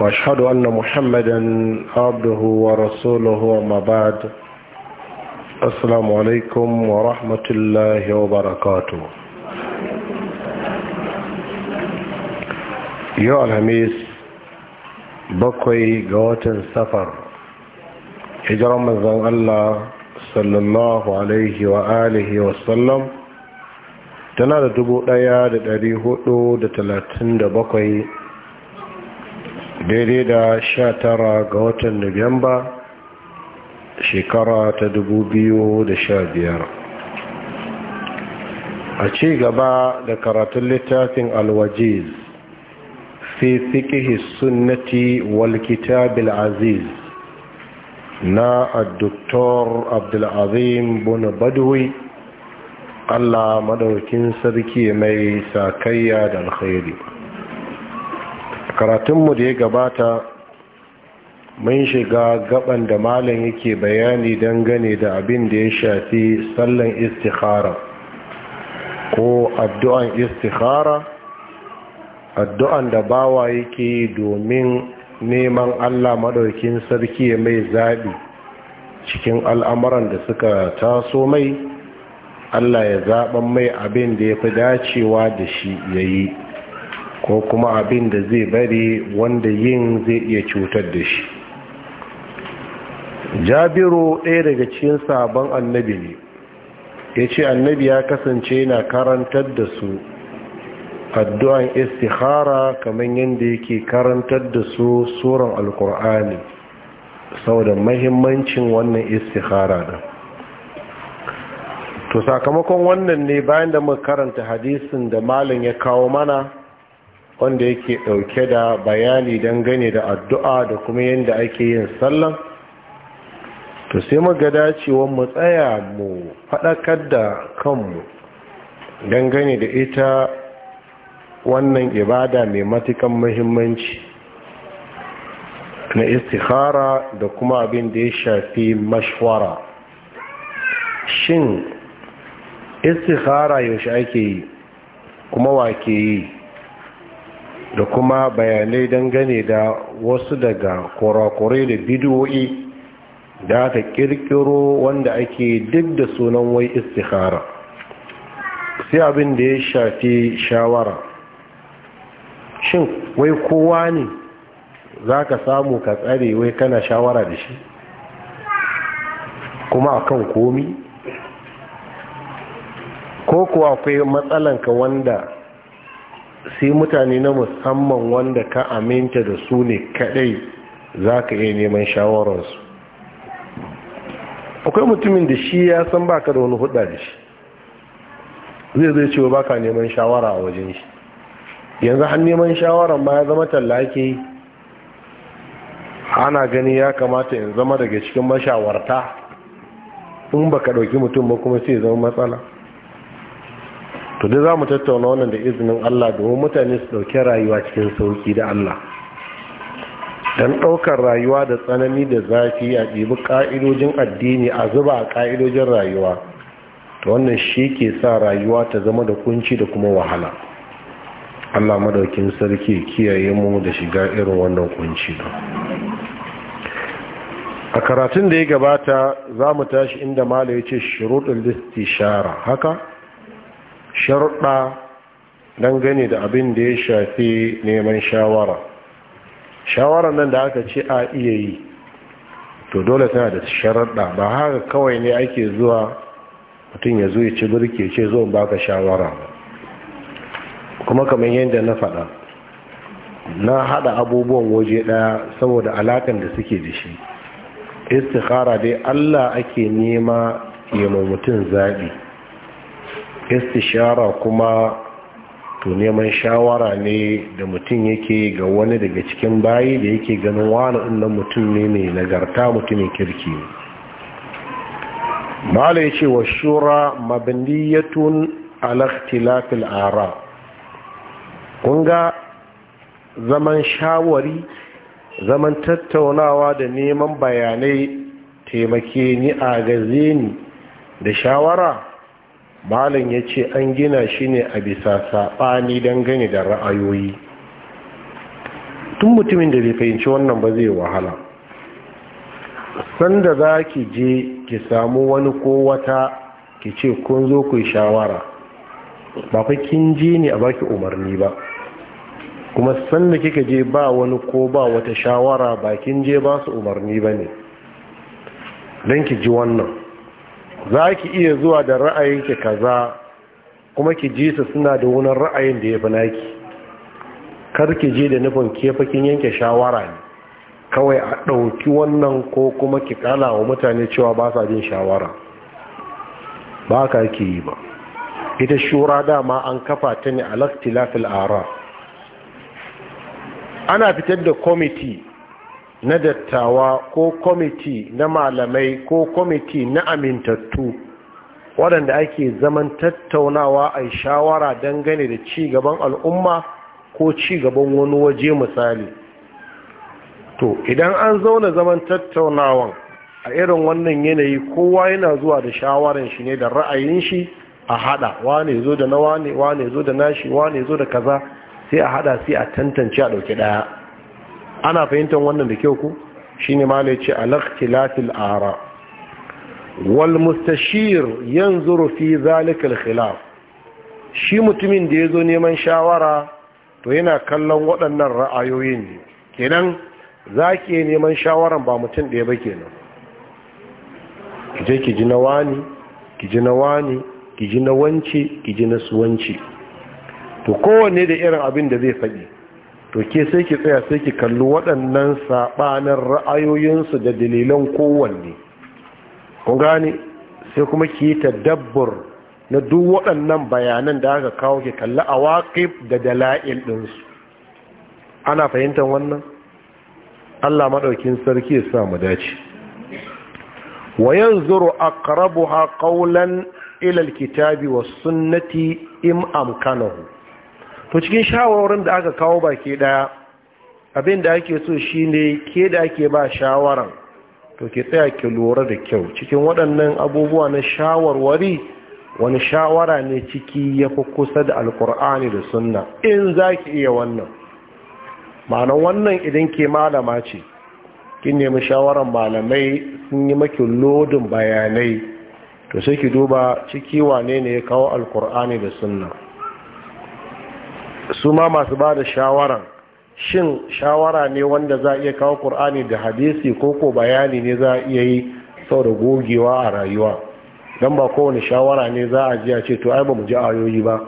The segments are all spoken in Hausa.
واشهد ان محمدا عبده ورسوله وما بعد السلام عليكم ورحمه الله وبركاته yau alhamis bakwai ga watan safar hijiran manzon allah sallallahu tana da dubu ɗaya da dari hudu da talatin da bakwai daidai da sha tara ga watan nobamba shekara ta dubu biyu da sha biyar. a ci gaba da karatun littafin alwajiz fi fikihi sunnati wal kitabil aziz na addoktor abdulazim Buna badawi allah maɗaukin sarki mai sakayya da alkhairi karatunmu da ya gabata mun shiga gaban da malam yake bayani dangane da abin da ya shafi sallan istikhara ko addu'an istikhara addu'an da bawa yake domin neman allah maɗaukin sarki mai zaɓi cikin al'amuran da suka taso mai allah ya zaɓan mai abin da ya fi dacewa da shi ya yi ko kuma abin da zai bari wanda yin zai iya cutar da shi jabiru ɗaya daga cikin sabon annabi ne ya ce annabi ya kasance yana karantar da su addu'an istihara kamar yadda yake karantar da su suran alkur'ani da mahimmancin wannan istihara da to sakamakon wannan ne bayan da muka karanta hadisin da malin ya kawo mana wanda yake dauke da bayani dangane da addu'a da kuma yadda ake yin sallan to sai muga dacewar mu tsaya mu faɗakar da kanmu dangane da ita wannan ibada mai matukan muhimmanci na istikhara da kuma abin da ya shafi mashwara shin istikhara yaushe ake yi kuma wa ke yi da kuma bayanai dangane da wasu daga kurakurai da bidiyoyi da aka kirkiro wanda ake duk da sunan wai istikhara sai abin da ya shafi shawara shin wai kowa ne za ka samu ka tsare wai kana shawara da shi kuma akan komi ko kuwa akwai matsalanka wanda sai mutane na musamman wanda ka aminta da su ne kadai za ka iya neman shawararsu akwai mutumin da shi ya san baka da wani hudda da shi zai zai cewa baka neman shawara a wajen shi yanzu an neman shawarar ma ya zama tallake ana gani ya kamata in zama daga cikin mashawarta in baka dauki mutum ba kuma sai zama matsala to dai za mu tattauna wannan da izinin Allah domin mutane su ɗauki rayuwa cikin sauƙi da Allah don ɗaukar rayuwa da tsanani da zafi a ɗibi ƙa'idojin addini a zuba a ƙa'idojin rayuwa to wannan shi ke sa rayuwa ta zama da kunci da kuma wahala Allah madaukin sarki kiyaye mu da shiga irin wannan kunci a karatun da ya gabata za mu tashi inda mala ya ce shirudul istishara haka sharuɗa dangane da abin da ya shafi neman shawara shawara nan da aka ce a iya yi to dole tana da sharaɗa ba haka kawai ne ake zuwa mutum ya zo ya ci birke ce zo baka shawara kuma kamar yadda na faɗa na haɗa abubuwan waje ɗaya saboda alakan da suke da shi istikhara dai allah ake nema ya mutum zaɓi istishara kuma to neman shawara ne da mutum yake ga wani daga cikin bayi da yake ganin wani innan mutum ne mai nagarta mutumin kirki mala ya ce wa shura mabniyatun alaktilafil ara kunga zaman shawari zaman tattaunawa da neman bayanai taimake ni a da shawara malam ya ce an gina shi ne a bisa saɓani dangane da ra'ayoyi tun mutumin da bai fahimci wannan ba zai wahala sanda za ki je ki samu wani ko wata ki ce kun zo ku shawara ba fa kin je ne a baki umarni ba kuma sanda kika je ba wani ko ba wata shawara ba kin je ba su umarni ba ne don ki ji wannan za ki iya zuwa da ra'ayin ra'ayinki kaza kuma ki ji su suna da wunan ra'ayin da ya fi naki kar ki je da nufin kefakin yanke shawara ne kawai a ɗauki wannan ko kuma ki kala wa mutane cewa ba sa jin shawara ba ka ki yi ba ita shura dama an kafa ta ne a laktilafil ara ana fitar da kwamiti na dattawa ko kwamiti na malamai ko kwamiti na amintattu waɗanda ake zaman tattaunawa a shawara dangane da ci gaban al'umma ko ci gaban wani waje misali to idan an zauna zaman tattaunawan a irin wannan yanayi kowa yana zuwa da shawarar shi ne da ra'ayin shi a hada wane zo da na wane wane zo da nashi wane zo da kaza sai a hada sai a tantance a ɗauki ɗaya. ana fahimtar wannan da kyau ku shine malai ce al ara wal mustashir yanzuru fi zalika al-khilaf shi mutumin da yazo neman shawara to yana kallon waɗannan ra'ayoyin ne kenan zaki neman shawaran ba mutum ɗaya ba kenan kije ki ji na wani ki ji na wani ki ji na wance ki ji na to kowanne da irin abin da zai faɗi to ke sai ki tsaya sai ki kalli waɗannan saɓanin ra'ayoyinsu da dalilan kowanne ku gane sai kuma ki yi tadabbur na duk waɗannan bayanan da aka kawo ki kalli a waƙif da dala'il ɗinsu ana fahimtar wannan allah maɗaukin sarki ya sa mu dace wa yanzuru akrabuha qawlan ila alkitabi was sunnati im amkanahu to cikin shawarwarin da aka kawo baki daya abin da ake so shine ke da ake ba shawaran to ke tsaya ke lura da kyau cikin waɗannan abubuwa na shawarwari wani shawara ne ciki ya fi kusa da alkur'ani da sunna in za ki iya wannan ma'anan wannan idan ke malama ce kin nemi shawarar malamai sun yi maki lodin bayanai to sai ki duba ciki wane ne ya kawo alkur'ani da sunna su ma masu ba da shawaran shin shawara ne wanda za a iya kawo ƙur'ani da hadisi ko ko bayani ne za a iya yi sau da gogewa a rayuwa don ba kowane shawara ne za a ji ce to ai ba mu ji ayoyi ba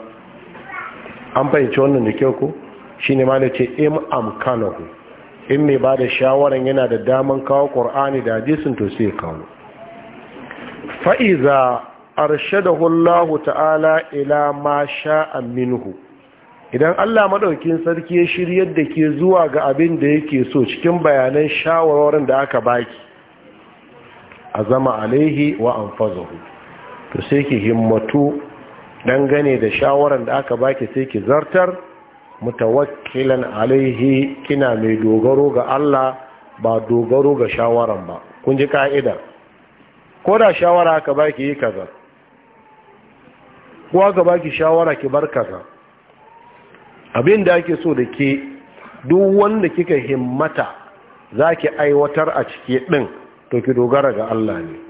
an fahimci wannan da kyau ko shi ne ma da ce im amkanahu in mai ba da shawaran yana da daman kawo ƙur'ani da hadisin to sai kawo fa'iza arshadahu Allah ta'ala ila ma sha'a minhu idan Allah maɗaukin sarki ya shiryar da ke zuwa ga abin da yake so cikin bayanan shawarwarin da aka baki azama alaihi wa anfazahu to sai ki himmatu dangane da shawarar da aka baki sai ki zartar mutawakilan alaihi kina mai dogaro ga Allah ba dogaro ga shawaran ba kun ji ka'ida ko da shawara aka baki yi kaza ko aka baki shawara ki bar kaza abin da ake so da ke duk wanda kika himmata za ki aiwatar a cike ɗin to ki dogara ga Allah ne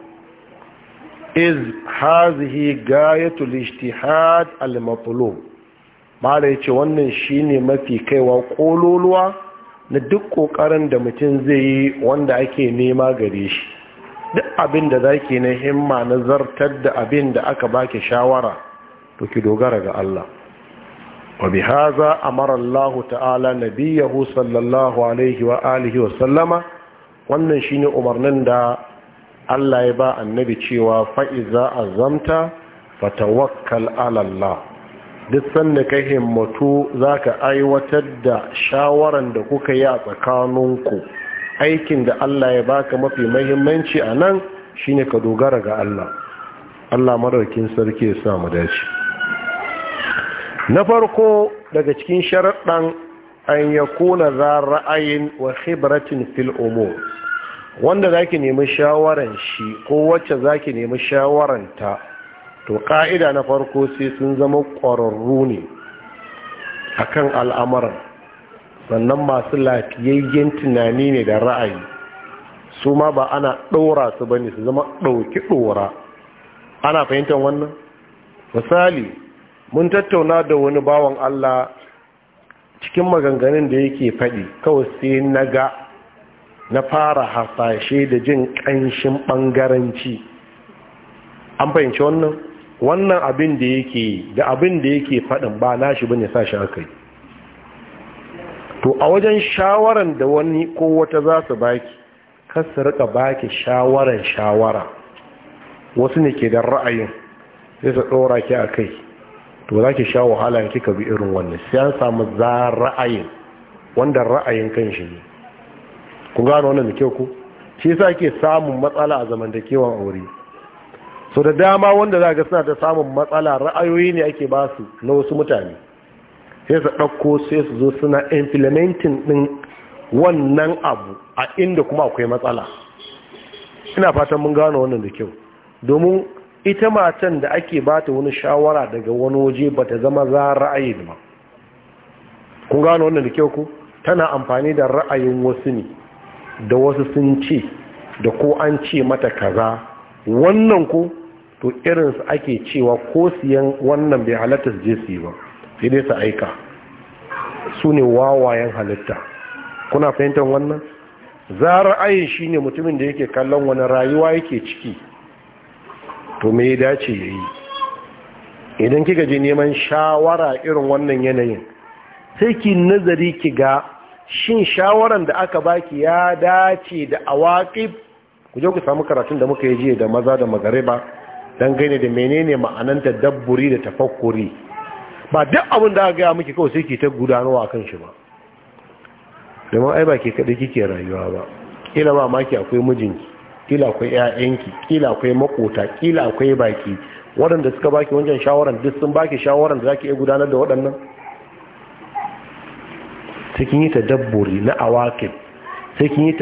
iz hazihi gayatul ijtihad al matlub mala yace wannan shine mafi kaiwa kololuwa na duk kokarin da mutum zai yi wanda ake nema gare shi duk abin da zaki na himma na zartar da abin da aka baki shawara to ki dogara ga Allah wa za a amara Allah ta'ala nabiyahu sallallahu alaihi wa alihi wa wannan shine umarnin da Allah ya ba annabi cewa fa'iza a azamta fatawakkal ala Allah duk sanda ka himmatu zaka aiwatar da shawaran da kuka yi a tsakaninku aikin da Allah ya baka mafi muhimmanci a nan shine ka dogara ga Allah Allah madaukin sarki ya sa mu dace na farko daga cikin sharaɗan an ya kuna za ra'ayin wa khibratin fil umur wanda ki nemi shawaran shi ko wacce za ki nemi ta, to ƙa'ida na farko sai sun zama ƙwararru ne a kan al'amuran sannan masu lafiyayyen tunani ne da ra'ayi su ma ba ana ɗora su ba ne su zama ɗauki ɗora ana fahimtar wannan misali mun tattauna da wani bawan Allah cikin maganganun da yake faɗi kawai sai na ga na fara hasashe da jin ƙanshin ɓangaranci an fahimci wannan wannan abin da yake da abin da yake faɗin ba nashi bane sashi aka yi to a wajen shawaran da wani ko wata za su baki kasu rika baki shawaran shawara wasu ne ke da ra'ayin sai su ɗora ki a kai to za ki sha wahala ya kika bi irin wannan sai an samu za ra'ayin wanda ra'ayin kan shi ne ku gano wannan da kyau ku shi sa ke samun matsala a zamantakewan aure so da dama wanda za ga suna ta samun matsala ra'ayoyi ne ake ba su na wasu mutane sai su ɗauko sai su zo suna implementing ɗin wannan abu a inda kuma akwai matsala ina fatan mun gano wannan da kyau domin ita matan da ake bata wani shawara daga wani waje ba ta zama za ra'ayin ba kun gano wannan da kyau ku tana amfani da ra'ayin wasu ne da wasu sun ce da ko an ce mata kaza wannan ku to irinsu ake cewa ko siyan wannan bai halatta su je su ba sai dai su aika su ne wawayen halitta kuna fahimtar wannan za ra'ayin ne mutumin da yake kallon wani rayuwa yake ciki to me ya dace ya yi idan kika je neman shawara irin wannan yanayin sai ki nazari ki ga shin shawaran da aka baki ya dace da awaƙib ku je ku samu karatun da muka yi jiya da maza da magariba don gane da menene ma'anan dabburi da tafakkuri ba duk abin da aka gaya miki kawai sai ki ta gudanarwa kan shi ba domin ai ba kaɗai kike rayuwa ba ila ba maki akwai mijinki kila akwai ƴaƴanki kila akwai makota kila akwai baki waɗanda suka baki wajen shawaran duk sun baki shawaran da zaki iya gudanar da waɗannan sai kin yi tadabburi na awakin, sai kin yi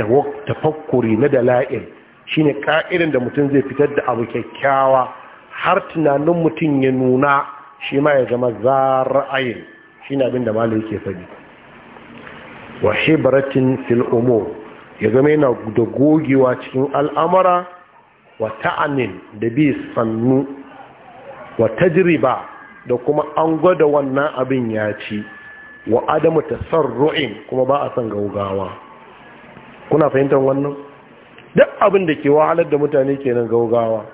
tafakkuri na dala'il shine ka'irin da mutum zai fitar da abu kyakkyawa har tunanin mutum ya nuna shi ma ya zama zara'ayin shine abin da malai yake faɗi wa hibratin fil umur ya zama yana da gogewa cikin al'amara wa ta'anin da bi sannu wa tajriba da kuma an gwada wannan abin ya ci wa adamu tasarru'in kuma ba a san gaugawa kuna fahimtar wannan duk abin da ke wahalar da mutane kenan gaugawa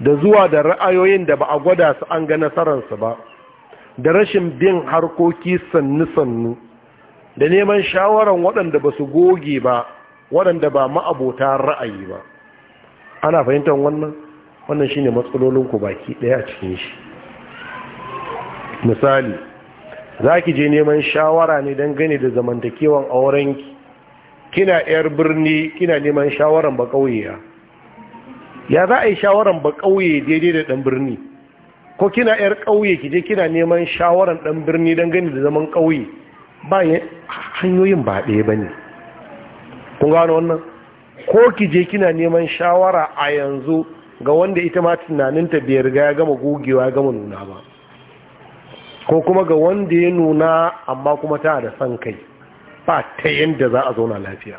da zuwa da ra'ayoyin da ba a gwada su an ga nasararsu ba da rashin bin harkoki sannu-sannu da neman shawaran waɗanda ba su goge ba waɗanda ba ma'abota ra'ayi ba ana fahimtar wannan wannan shine matsalolinku baki ɗaya a cikin shi misali za ki je neman shawara ne don gane da zamantakewan aurenki kina 'yar birni kina neman shawaran ba ƙauye ya za a yi shawaran ba ƙauye daidai da ɗan birni ko kina 'yar ƙauye ki je kina neman shawaran ɗan birni don gani da zaman ƙauye ba hanyoyin ba ɗaya ba ne kun gano wannan ko ki je kina neman shawara a yanzu ga wanda ita ma tunaninta biyar ga ya gama gogewa ya gama nuna ba ko kuma ga wanda ya nuna amma kuma ta da san kai ba ta yadda za a zauna lafiya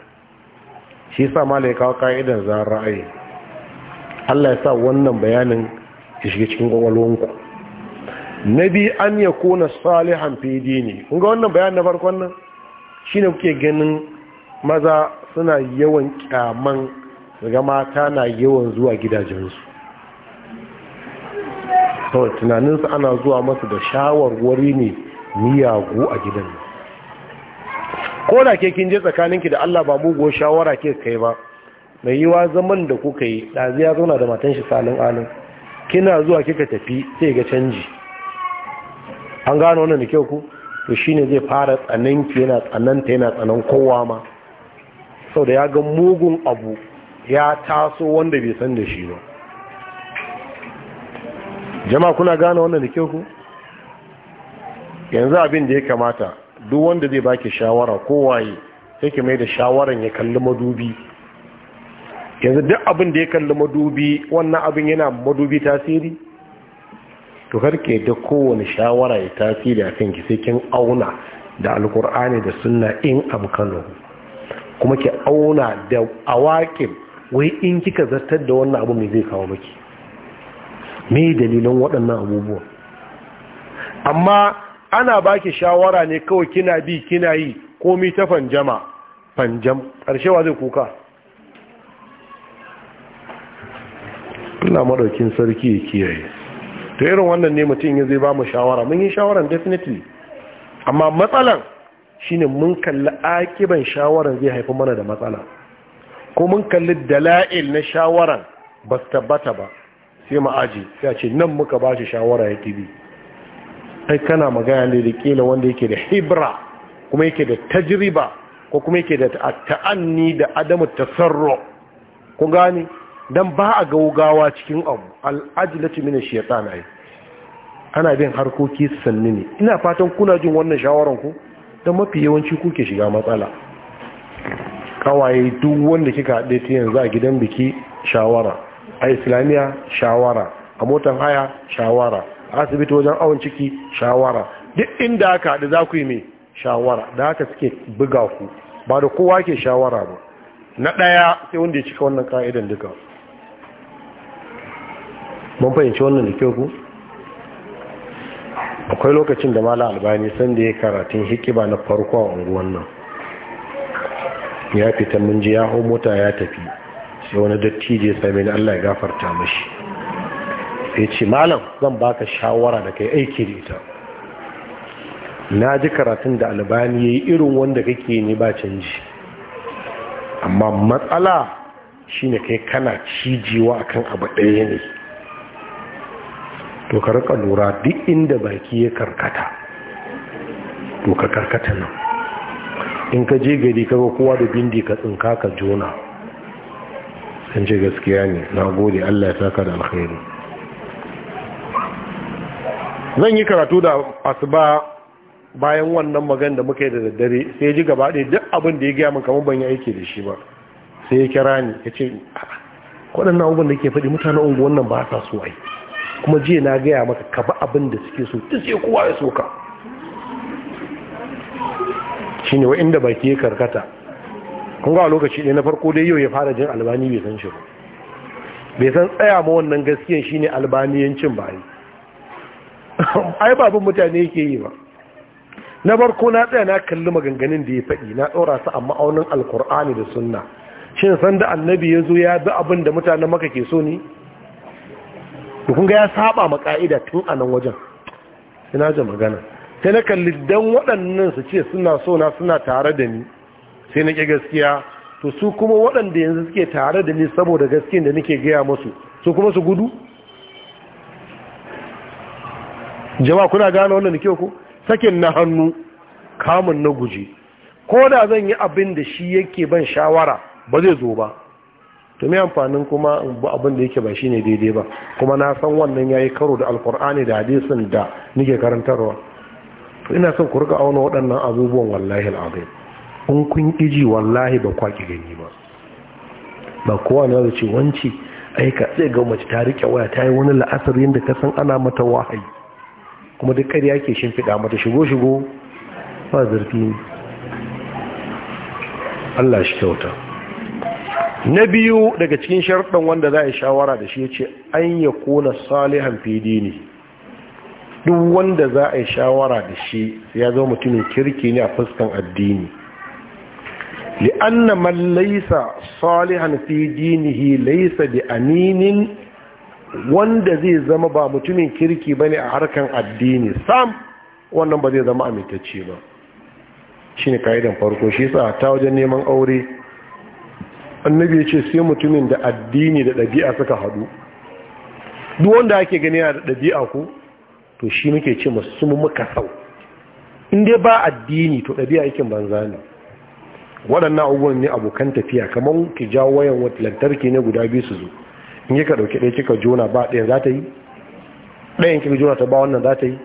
shi sa ma ya kawo ka'idar za ra'ayi Allah ya sa wannan bayanin ya shiga cikin kwakwalwanku na biyu an ya kona salihan fede ne kunga wannan bayan na farkon nan shi ne kuke ganin maza suna yawan kyaman daga mata na yawan zuwa gidajensu sau tunaninsu ana zuwa masu da shawarwari ne miyagu a gidan nan ko da ke kin je tsakaninki da Allah ba mugo shawara ke kai ba mai yiwa zaman da kuka yi ɗazi ya zauna da matan shi salin alin kina zuwa kika tafi sai ga canji an gano wannan da kyau ku to shine zai fara tsananki yana tsananta yana tsanan kowa ma sau da ya ga mugun abu ya taso wanda bai san da shi ba jama'a kuna gano wannan da kyau ku yanzu abin da ya kamata duk wanda zai baki shawara kowaye yake mai da shawaran ya kalli madubi yanzu duk abin da ya kalli madubi wannan abin yana madubi tasiri to karke da kowane shawara ya tasiri a kanki sai kin auna da alkur'ani da sunna in amkanu kuma ki auna da awakin wai in kika zartar da wannan abu mai zai kawo maki me dalilan waɗannan abubuwa amma ana baki shawara ne kawai kina bi kina yi komi ta fanjama fanjam wa zai kuka Allah maɗaukin sarki ya kiyaye to irin wannan ne mutum ya zai ba mu shawara mun yi shawaran definitely amma matsalan shine mun kalli akiban shawaran zai haifi mana da matsala ko mun kalli dala'il na shawaran ba su tabbata ba sai ma'aji ya ce nan muka ba shi shawara ya tibi ai kana magana ne da kila wanda yake da hibra kuma yake da tajriba ko kuma yake da ta'anni da adamu tasarru ku gani don ba a gaugawa cikin abu al'ajilatu min shaitan yi. ana bin harkoki sannu ne ina fatan kuna jin wannan shawaran ku don mafi yawanci kuke shiga matsala Ƙawaye duk wanda kika haɗe ta yanzu a gidan biki shawara a islamiyya shawara a motan haya shawara a asibiti wajen awon ciki shawara duk inda aka haɗu za ku yi mai shawara da haka suke buga ku ba da kowa ke shawara ba na ɗaya sai wanda ya cika wannan ka'idan duka mun fahimci wannan da kyau ku akwai lokacin da malam albani sanda ya karatun hikiba na farko a unguwan nan ya fita mun ji ya hau mota ya tafi sai wani dattijo ya same ni Allah ya gafarta mashi sai ce malam zan baka shawara da kai aiki da ita na ji karatun da albani ya yi irin wanda kake ne ba canji amma matsala shine kai kana cijiwa akan abu ɗaya ne to ka rika lura duk inda baki ya karkata to ka karkata nan in ka je gari kaga kowa da bindi ka tsinka ka jona sun ce gaskiya ne na gode Allah ya saka da alkhairi zan yi karatu da asuba bayan wannan magana da muka yi da daddare sai ya ji gaba ɗaya duk abin da ya gaya min kamar ban yi aiki da shi ba sai ya kira ni ya ce waɗannan abubuwan da ke faɗi mutanen unguwan nan ba sa so ai kuma jiya na gaya maka ka ba abin da suke so ta sai kowa ya soka shi ne wa'inda baki ya karkata kun ga lokaci ne na farko dai yau ya fara jin albani bai san shi ba bai san tsaya ma wannan gaskiyan shine albaniyancin ba ai ba abin mutane yake yi ba na farko na tsaya na kalli maganganun da ya faɗi na ɗora su a ma'aunin alkur'ani da sunna shin san da annabi ya zo ya bi abin da mutanen maka ke so ne to kunga ya saba ma ka'ida tun a nan wajen ina ji magana sai na kalli dan waɗannan su ce suna so na suna tare da ni sai na ke gaskiya to su kuma waɗanda yanzu suke tare da ni saboda gaskiyar da nake gaya musu su kuma su gudu jama'a kuna gane wannan kyau ko sakin na hannu kamun na guje ko da zan yi abin da shi yake ban shawara ba zai zo ba to me amfanin kuma in ba abin da yake ba shi ne daidai ba kuma na san wannan yayi karo da alkur'ani da hadisin da nike karantarwa to ina son ku rika auna waɗannan abubuwan wallahi alazim in kun kiji wallahi ba kwa gani ba ba kowa ne zai ce wanci ai ka sai ga mace ta rike waya ta yi wani la'asar yadda ka san ana mata wahayi kuma duk ƙarya ke shimfiɗa mata shigo shigo ba zurfi ne Allah shi kyauta na biyu daga cikin sharaɗin wanda za a yi shawara da shi ya ce an ya kona salihan fidi ne duk wanda za a yi shawara da shi ya zama mutumin kirki ne a fuskan addini li'anna man laisa salihan fi dinihi laisa bi aminin wanda zai zama ba mutumin kirki ne a harkan addini sam wannan ba zai zama amintacce ba shine kaidan farko shi yasa ta wajen neman aure annabi ya ce sai mutumin da addini da ɗabi'a suka haɗu duk wanda ake gani yana da ɗabi'a ku to shi muke ce masu muka sau in dai ba addini to ɗabi'a yakin banza ne waɗannan abubuwan ne abokan tafiya kamar ki jawo wayan wata lantarki ne guda biyu su zo in yi ka ɗauki ɗaya kika jona ba ɗaya za ta yi ɗayan kika jona ta ba wannan za ta yi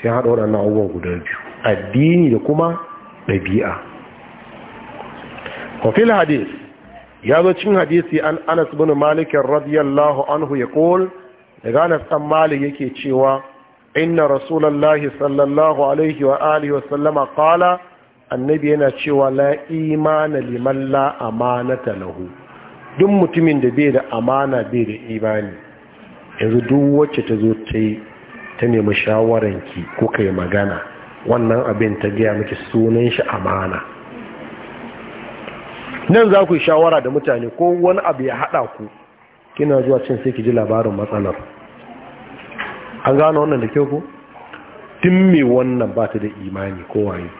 sai haɗa waɗannan abubuwan guda biyu addini da kuma ɗabi'a wafil hadis ya zo cin hadisi an anas bin malik radiyallahu anhu ya kol daga anas dan malik yake cewa inna rasulullahi sallallahu alaihi wa alihi wa sallama qala annabi yana cewa la imana liman la amanata lahu duk mutumin da bai da amana bai da imani yanzu duk wacce ta zo ta yi ta nemi shawaranki ko kai magana wannan abin ta gaya miki sunan shi amana nan za ku yi shawara da mutane ko wani abu ya haɗa ku kina zuwa cin sai ki ji labarin matsalar an gano wannan da kyau ku. tun me wannan ba ta da imani ko waye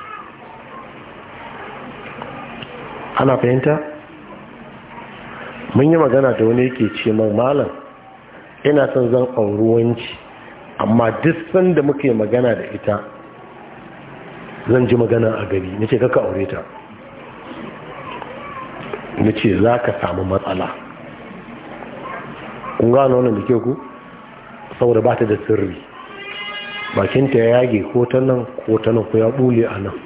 ana fahimta mun yi magana da wani yake ce man malam ina son zan auruwanci amma duk sanda muke magana da ita zan ji magana a gari nace kaka aure ta na ce za ka samu matsala kun gano wannan da ke ku saboda ba ta da sirri bakinta ya yage ko ta nan ko ta nan ko ya bule a nan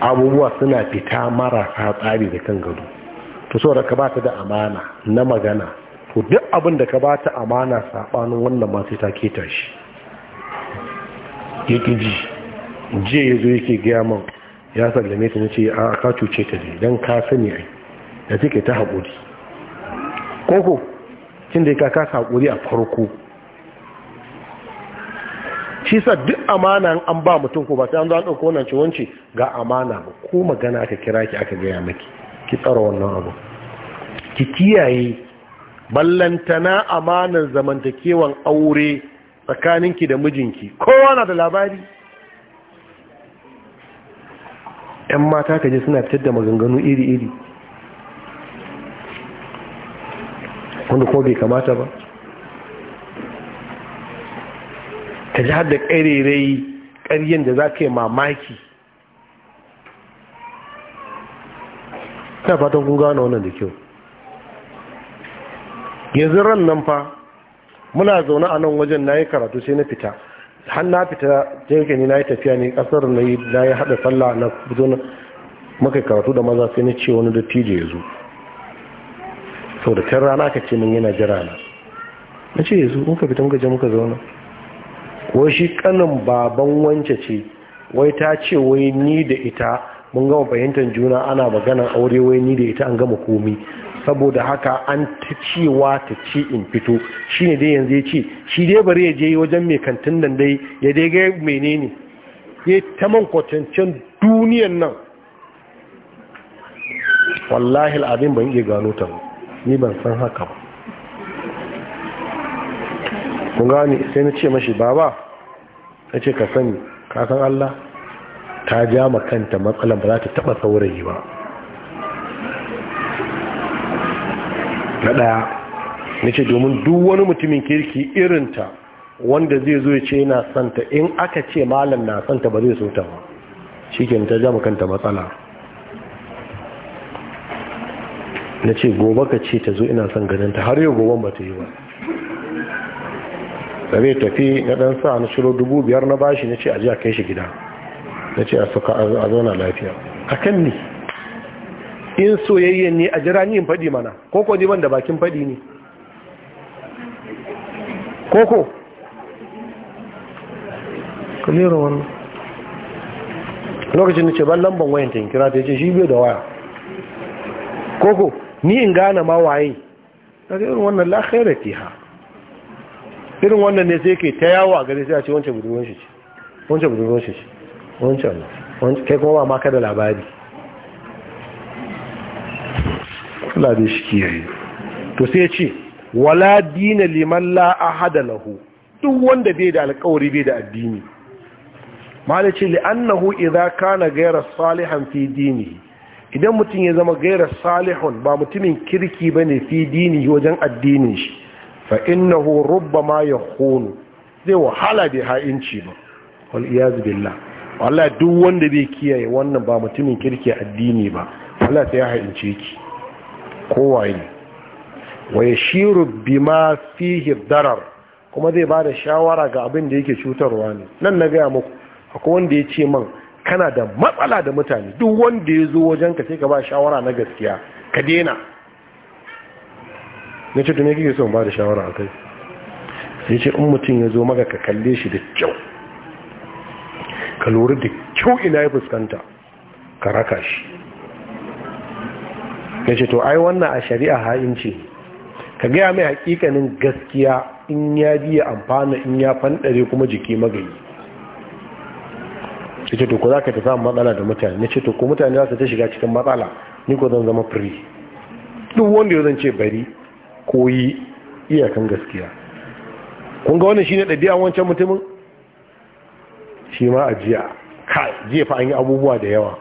abubuwa suna fita marasa tsari da kan gado to saboda ka ba ta da amana na magana to duk abin da ka ba ta amana saɓanin wannan masu ta keta shi yake ji je ya zo yake gaya man ya sallame ta nace a ka cuce ta ne dan ka sani ai da take ta haƙuri koko kin da ka kasa haƙuri a farko shi sa duk amana an ba mutum ko ba sai an zo an ɗauko wannan ci wance ga amana ba ko magana aka kira ki aka gaya maki ki tsara wannan abu ki kiyaye ballantana amanar zamantakewan aure tsakaninki da mijinki kowa na da labari 'yan mata kaje suna fitar da maganganu iri-iri wanda ko bai kamata ba ta ji hada da ƙarerai ƙaryen da za ka yi mamaki ta fatan kun gano wannan da kyau yanzu ran nan fa muna zaune a nan wajen na yi karatu sai na fita har na fita jirgin ne na yi tafiya ne kasar na yi na yi haɗa sallah na zo maka karatu da maza sai na ce wani dattijo ya zo sau da kan rana ka ce min yana jira na na ce ya zo ka fita muka je muka zauna wai shi kanin baban wance ce wai ta ce wai ni da ita mun gama fahimtar juna ana maganar aure wai ni da ita an gama komi saboda haka an ta cewa ta ce in fito shine dai yanzu ya ce shi dai bari ya je wajen mai kantin nan dai ya dai ga menene ya ta man kwatancin duniyan nan wallahi al'adun ban iya gano ta ni ban san haka ba kun gani sai na ce mashi baba na ce ka sani ka Allah ta ja kanta matsalan ba za ta taba saurayi ba na ɗaya na ce domin duk wani mutumin kirki irinta wanda zai zo ce yana santa in aka ce malam na santa ba zai so ta ba shi ke ta jama kanta matsala na ce gobe ka ce ta zo ina son ganinta har yau goben ba ta yi ba da zai tafi na ɗan sa na shiro dubu biyar na bashi na ce a ji a kai shi gida na ce a zauna lafiya a kan ne in soyayyen ne a jira ni in faɗi mana koko ne ban da bakin faɗi ne koko kalera wannan lokacin da ce ban lamban wayan ta kira ta ce shi biyu da waya koko ni in gane ma waye daga irin wannan lakairar fiha irin wannan ne sai ke ta yawo a gari sai a ce wancan budurwar shi ce wancan budurwar shi ce wancan kai kuma ba ka da labari matsala da shi kiyaye to sai ce wala dina liman la ahada lahu duk wanda bai da alƙawari bai da addini mala ce li'annahu idza kana ghayra salihan fi dinihi idan mutum ya zama ghayra salihun ba mutumin kirki bane fi dinihi wajen addinin shi fa innahu rubbama yakhunu zai wahala bai ha'inci ba wal iyaz billah wallahi duk wanda bai kiyaye wannan ba mutumin kirki addini ba Allah sai ya ha'ince ki kowaye wa bi bima fihi darar kuma zai bada shawara ga abin da yake cutarwa ne nan na gaya muku akwai wanda ya ce man kana da matsala da mutane duk wanda ya zo wajen ka sai ka ba shawara na gaskiya ka dena na ce tuni kike so ba da shawara a kai sai ce in mutum ya zo maka ka kalle shi da kyau ka lura da kyau ina ya fuskanta ka raka shi ya ce to ai wannan a shari'a ha'in ce ka gaya mai hakikanin gaskiya in ya biya amfana in ya fanɗare kuma jiki magani. ya ce to ku za ka tafi matsala da mutane na ce to ku mutane za su ta shiga cikin matsala ni ko zan zama firi duk wanda ya zan ce bari koyi iyakan gaskiya kun ga wannan ne ɗabi'an wancan mutumin shi ma a jiya ka jiya fa an yi abubuwa da yawa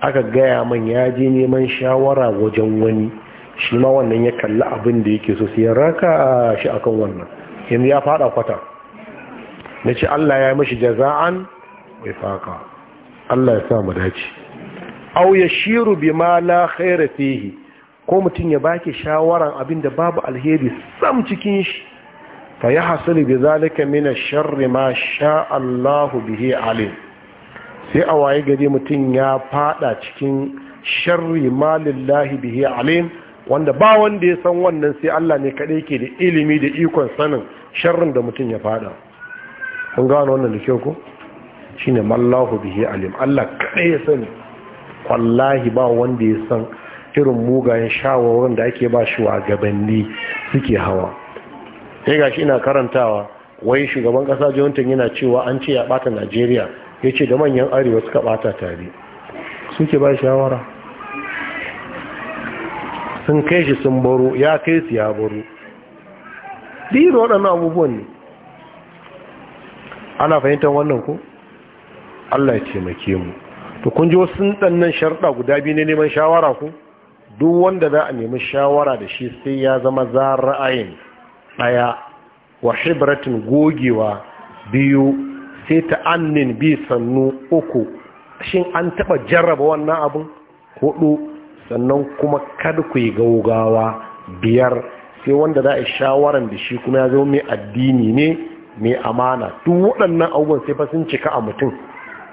aka gaya man ya je neman shawara wajen wani shi ma wannan ya kalli abin da yake so sai ya raka shi akan wannan yanzu ya fada kwata na ce Allah ya mashi jaza'an mai faka Allah ya sa mu dace au bi ma la khaira fihi ko mutum ya baki shawaran abin da babu alheri sam cikin shi fa yahsul bi zalika min ash-sharri ma sha Allah bihi alim sai a waye gari mutum ya fada cikin sharri malillahi bihi alim wanda ba wanda ya san wannan sai Allah ne kaɗai ke da ilimi da ikon sanin sharrin da mutum ya fada kun gano wannan da kyau ko shine mallahu bihi alim Allah kaɗai ya sani wallahi ba wanda ya san irin mugayen shawarwarin da ake ba shi wa gabanni suke hawa sai gashi ina karantawa wai shugaban kasa Jonathan yana cewa an ce ya bata Najeriya ya ce da manyan arewa suka bata tare suke ba shawara sun kai shi sun baro ya kai su ya baro diri waɗannan abubuwan ne ana fahimtar wannan ko Allah ya taimake mu to kun ji wasu ɗannan sharɗa guda biyu ne neman shawara ku duk wanda za a nemi shawara da shi sai ya zama za ra'ayin ɗaya wa shibratin gogewa biyu sai ta annin bi sannu uku shin an taba jarraba wannan abin hudu sannan kuma kada ku yi gaugawa biyar sai wanda za a shawaran da shi kuma ya zo mai addini ne mai amana duk waɗannan abubuwan sai fa sun cika a mutum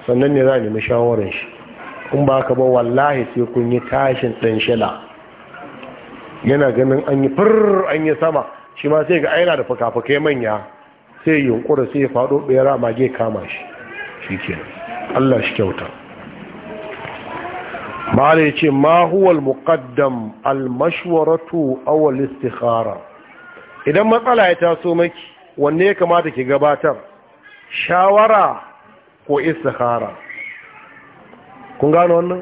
sannan ne za a nemi shawaran shi kun ba ka ba wallahi sai kun yi tashin ɗan shila yana ganin an yi fir an yi sama shi ma sai ga aina da fuka-fukai manya sai yunkura sai ya faɗo ɓera mage kama shi shi kenan Allah shi kyauta ma'ana ya ce ma huwal muqaddam almashwaratu awal istikhara idan matsala ya taso maki wanne ya kamata ki gabatar shawara ko istikhara kun gano wannan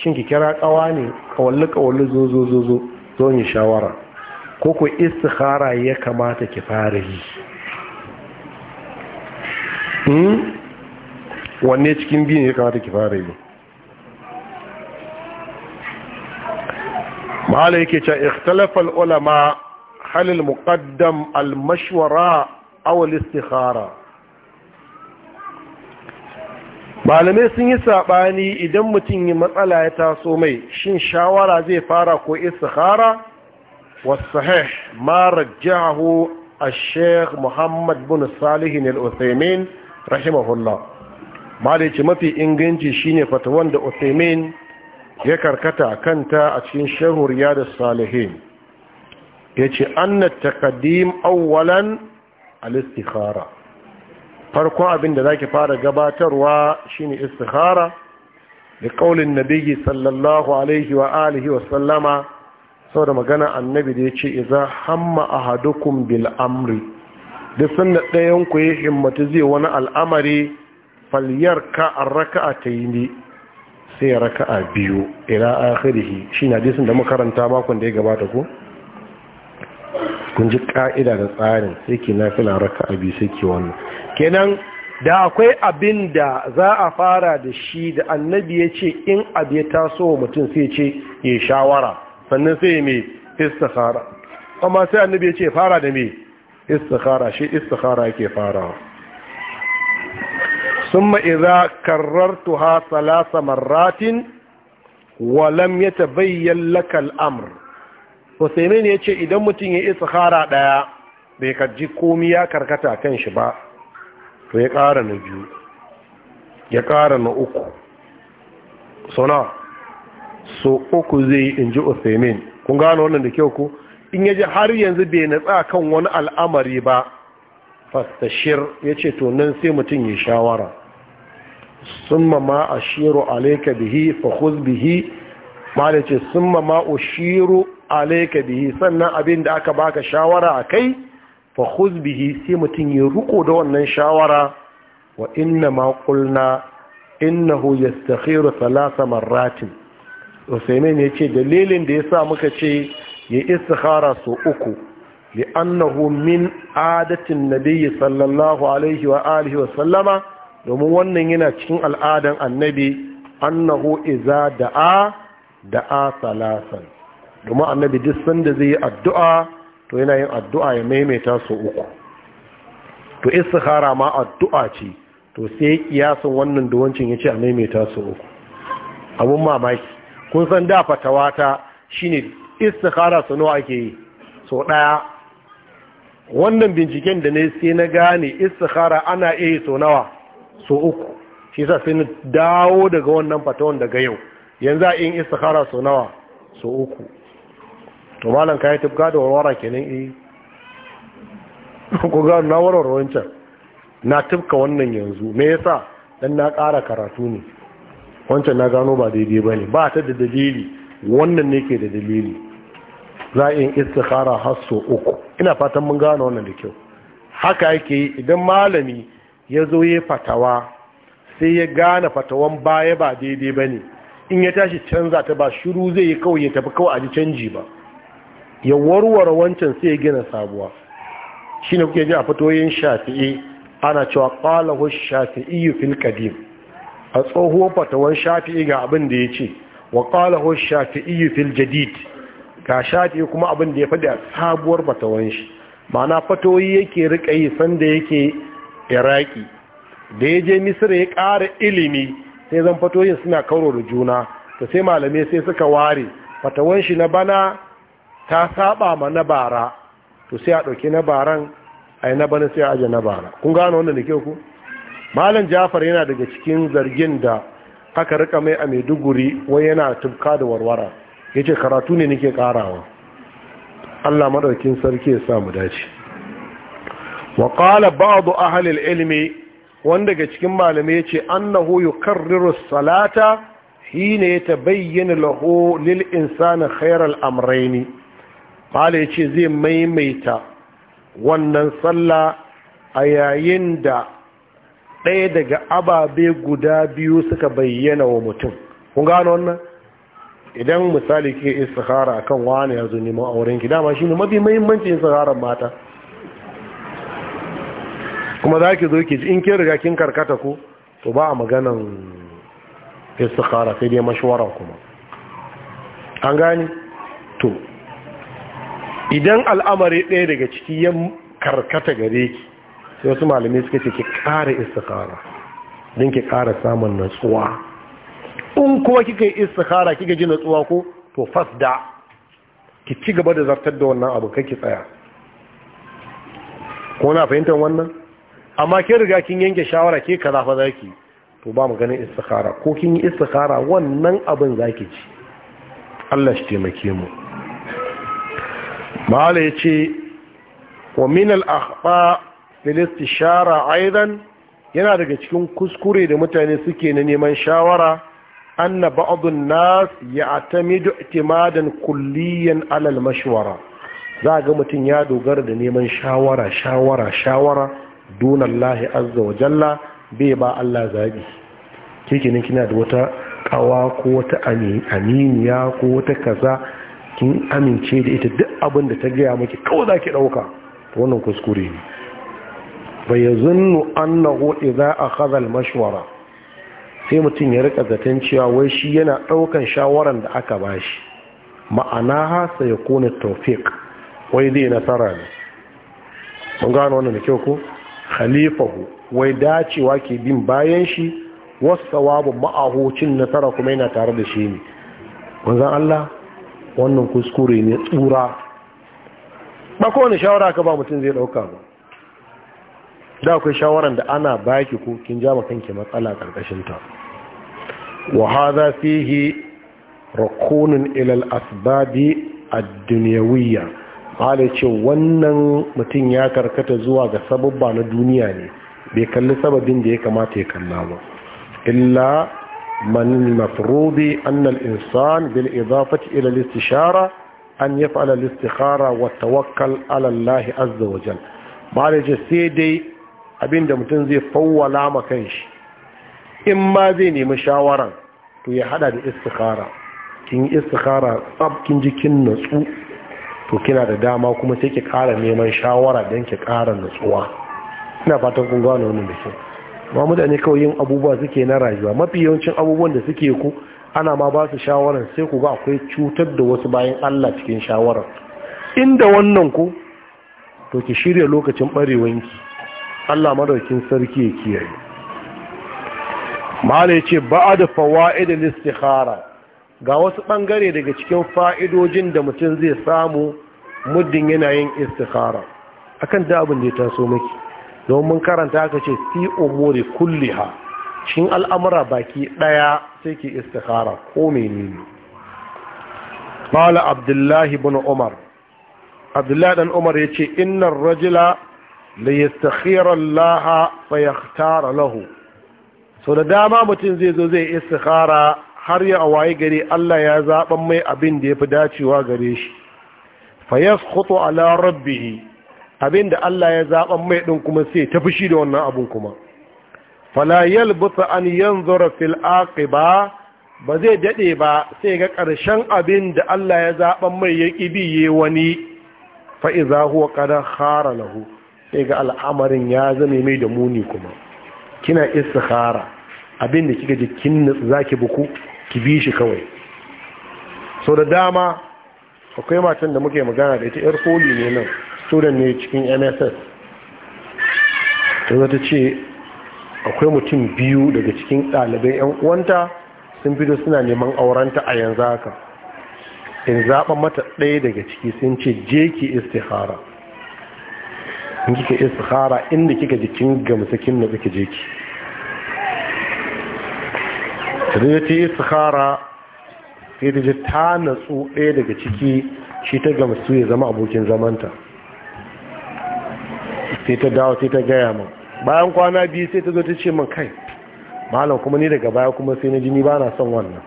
shin ki kira kawa ne kawalli kawalli zo zo zo shawara ko ko istikhara ya kamata ki fara yi wanne cikin biyu ya kamata ki fara yi ma'ala yake ce ikhtalafal ulama halil muqaddam al-mashwara aw al-istikhara malamai sun yi sabani idan mutum yi matsala ya taso mai shin shawara zai fara ko istikhara والصحيح ما رجعه الشيخ محمد بن صالح الأثيمين rahimahullah ma da yake mafi inganci shine fatawan da Uthaymeen ya karkata kanta a cikin sharhur da salihin yace anna taqdim awwalan al-istikhara farko abin da zaki fara gabatarwa shine istikhara da kaulin nabiyyi sallallahu alaihi wa alihi wa sallama saboda magana annabi da yace iza hamma ahadukum bil amri duk sanda ɗayan ku ya himmatu zai wani al'amari falyar ka a raka'a ta yi ne sai raka'a biyu ila akhirihi shi na disin da makaranta makon da ya gabata ku. kun ji ka'ida da tsarin sai ke nafila raka'a biyu sai ke wannan kenan da akwai abin da za a fara da shi da annabi ya ce in abu ya taso mutum sai ce ya shawara sannan sai ya mai fara. amma sai annabi ya ce fara da mai istikhara shi istikhara yake farawa summa idza karrartuha thalatha marratin wa lam yatabayyan laka al-amr Husaymin yace idan mutum ya istikhara daya bai kaji komai ya karkata kan shi ba to ya ƙara na biyu ya ƙara na uku sona so uku zai inji Uthaymin kun gano wannan da kyau ku in yaje har yanzu bai natsa kan wani al'amari ba fastashir yace ce to nan sai mutum ya shawara summa ma a shiro alaika bihi fahuz bihi ma da ce summa ma a shiro bihi sannan abin da aka baka shawara a kai fahuz bihi sai mutum ya ruko da wannan shawara wa inna ma kulna innahu yastakhiru salasa marratin usaimin ya ce dalilin da ya sa muka ce ya istikhara so uku annahu min adatin nabiyyi sallallahu alaihi wa alihi wa sallama domin wannan yana cikin al'adan annabi annahu iza da'a da'a salasan domin annabi duk sanda zai yi addu'a to yana yin addu'a ya maimaita so uku to istikhara ma addu'a ce to sai kiyasin wannan da wancin yace a maimaita so uku abun mamaki kun san da fatawata shine istikhara nawa ake yi so ɗaya wannan binciken da ne sai na gane istikhara ana iya yi so nawa so uku shi sa sai na dawo daga wannan fatawan daga yau yanzu a yin istikhara so nawa so uku to malam yi tufka da warwara kenan eh ko ga na warware wancan na tufka wannan yanzu me yasa dan na ƙara karatu ne wancan na gano ba daidai bane ba ta da dalili wannan ne ke da dalili za a yin istikhara har so uku ina fatan mun gane wannan da kyau haka yake yi idan malami ya zo ya fatawa sai ya gane fatawan baya ba daidai ba ne in ya tashi canza ta ba shiru zai yi kawai ya tafi kawai a ji canji ba ya warware wancan sai ya gina sabuwa shi ne kuke ji a fatoyin shafi'i ana cewa ƙalahu shafi'i fil kadim a tsohuwar fatawan shafi'i ga abin da ya ce wa ƙalahu shafi'i fil jadid ka shafi kuma abin da ya faɗi a sabuwar fatawan shi ma'ana fatoyi yake rika yi sanda yake iraki da ya je misira ya ƙara ilimi sai zan fatoyin suna kauro da juna ta sai malamai sai suka ware fatawan shi na bana ta saba ma na bara to sai a ɗauki na baran a yi na bana sai a aje na bara kun gano wanda da ke ku malam jafar yana daga cikin zargin da aka rika mai a maiduguri wai yana tufka da warwara ya ce karatu ne nake karawa allah maɗaukin sarki ya samu dace wa ƙala ba'adu halil ilmi wanda daga cikin malamai ya ce an hoyo yukarriru salata ne ya tabayyana laho lil insani khairal amraini mala ya ce zai maimaita wannan sallah a yayin da ɗaya daga ababe guda biyu suka bayyana wa mutum kun gano wannan idan misali ke istikhara akan wani ya zo neman auren ki dama shine mafi muhimmancin istikhara mata kuma za ki zo ki ji in kin riga kin karkata ko to ba a maganan istikhara sai dai mashwara kuma an gani to idan al'amari ɗaya daga ciki ya karkata gare ki sai wasu malamai suka ce ki ƙara istikhara don ki kara samun natsuwa in kuma kika yi istikhara kika ji natsuwa ko to fasda ki ci gaba da zartar da wannan abu ki tsaya ko na fahimtar wannan amma ke riga kin yanke shawara ke kaza fa zaki to ba maganin istikhara ko kin yi istikhara wannan abin zaki ci Allah shi taimake mu mala yace wa min al akhfa fil istishara aidan yana daga cikin kuskure da mutane suke na neman shawara anna ba'dun nas ya'tamidu i'timadan kulliyan alal al-mashwara za ga mutum ya dogara da neman shawara shawara shawara dunallahi Allah azza wa jalla bai ba Allah zabi kikinin kina da wata ƙawa ko wata aminiya ko wata kaza kin amince da ita duk abin da ta gaya maki kawai zaki ki ɗauka wannan kuskure ne bai zunnu annahu idza akhadha al-mashwara sai mutum ya rika zaton cewa wai shi yana ɗaukan shawaran da aka bashi ma'ana hasa ya kone taufik wai zai nasara ne sun gano wannan da kyau ko khalifahu wai dacewa ke bin bayan shi wasu ma'ahu cin nasara kuma yana tare da shi ne wanzan Allah wannan kuskure ne tsura ba kowane shawara ka ba mutum zai ɗauka ba da akwai shawaran da ana baki ko kin ja kanki matsala karkashin ta wa hadha fihi rakunun ila al-asbabi ad-dunyawiyya qala ce wannan mutum ya karkata zuwa ga sababba na duniya ne bai kalli sababin da ya kamata ya kalla ba illa man an annal insan bil idafati ila al-istishara an yaf'ala al-istikhara wa tawakkal ala Allah azza wa jalla ce sai dai abinda mutum zai fawwala ma kanshi in ma zai nemi shawaran to ya hada da istikhara kin yi istikhara tsab kin ji kin natsu to kina da dama kuma sai ki kara neman shawara don ki kara natsuwa ina fatan kun gano wannan da kyau mutane kawai yin abubuwa suke na rayuwa mafi yawancin abubuwan da suke ku ana ma ba su shawarar sai ku ga akwai cutar da wasu bayan Allah cikin shawarar inda wannan ku to ki shirya lokacin barewanki Allah madaukin sarki ya kiyaye mala yace ba'da fawaid al-istikhara ga wasu ɓangare daga cikin fa'idojin da mutum zai samu muddin yana yin istikhara akan da abin da ya taso miki don mun karanta aka ce fi umuri kulliha cikin al'amura baki ɗaya sai ke istikhara ko menene Mala abdullahi ibn umar abdullahi dan umar yace innar rajula la yastakhira Allah lahu so da dama mutum zai zo zai istikhara har ya waye gari Allah ya zaben mai abin da yafi dacewa gare shi fa yasqutu ala rabbih abin da Allah ya zaben mai din kuma sai ta fushi da wannan abun kuma fala yalbusa an yanzura fil aqiba ba zai dade ba sai ga ƙarshen abin da Allah ya zaben mai ya kibiye wani fa iza huwa qad khara lahu sai ga al'amarin ya zame mai da muni kuma kina istikhara abin da kika ji kin zaki buku ki bi shi kawai so da dama akwai matan da muke magana da ita yar koli ne nan student ne cikin MSS ta ta ce akwai mutum biyu daga cikin ɗalibai yan uwanta sun fito suna neman aurenta a yanzu haka in zaɓa mata ɗaya daga ciki sun ce je ki istihara in kika kara inda kika jikin kin gamsu kin nutsu ki je ki sai ta sai ta ji ta natsu ɗaya daga ciki shi ta su ya zama abokin zamanta sai ta dawo sai ta gaya ma bayan kwana biyu sai ta zo ta ce min kai malam kuma ni daga baya kuma sai na jini ba na son wannan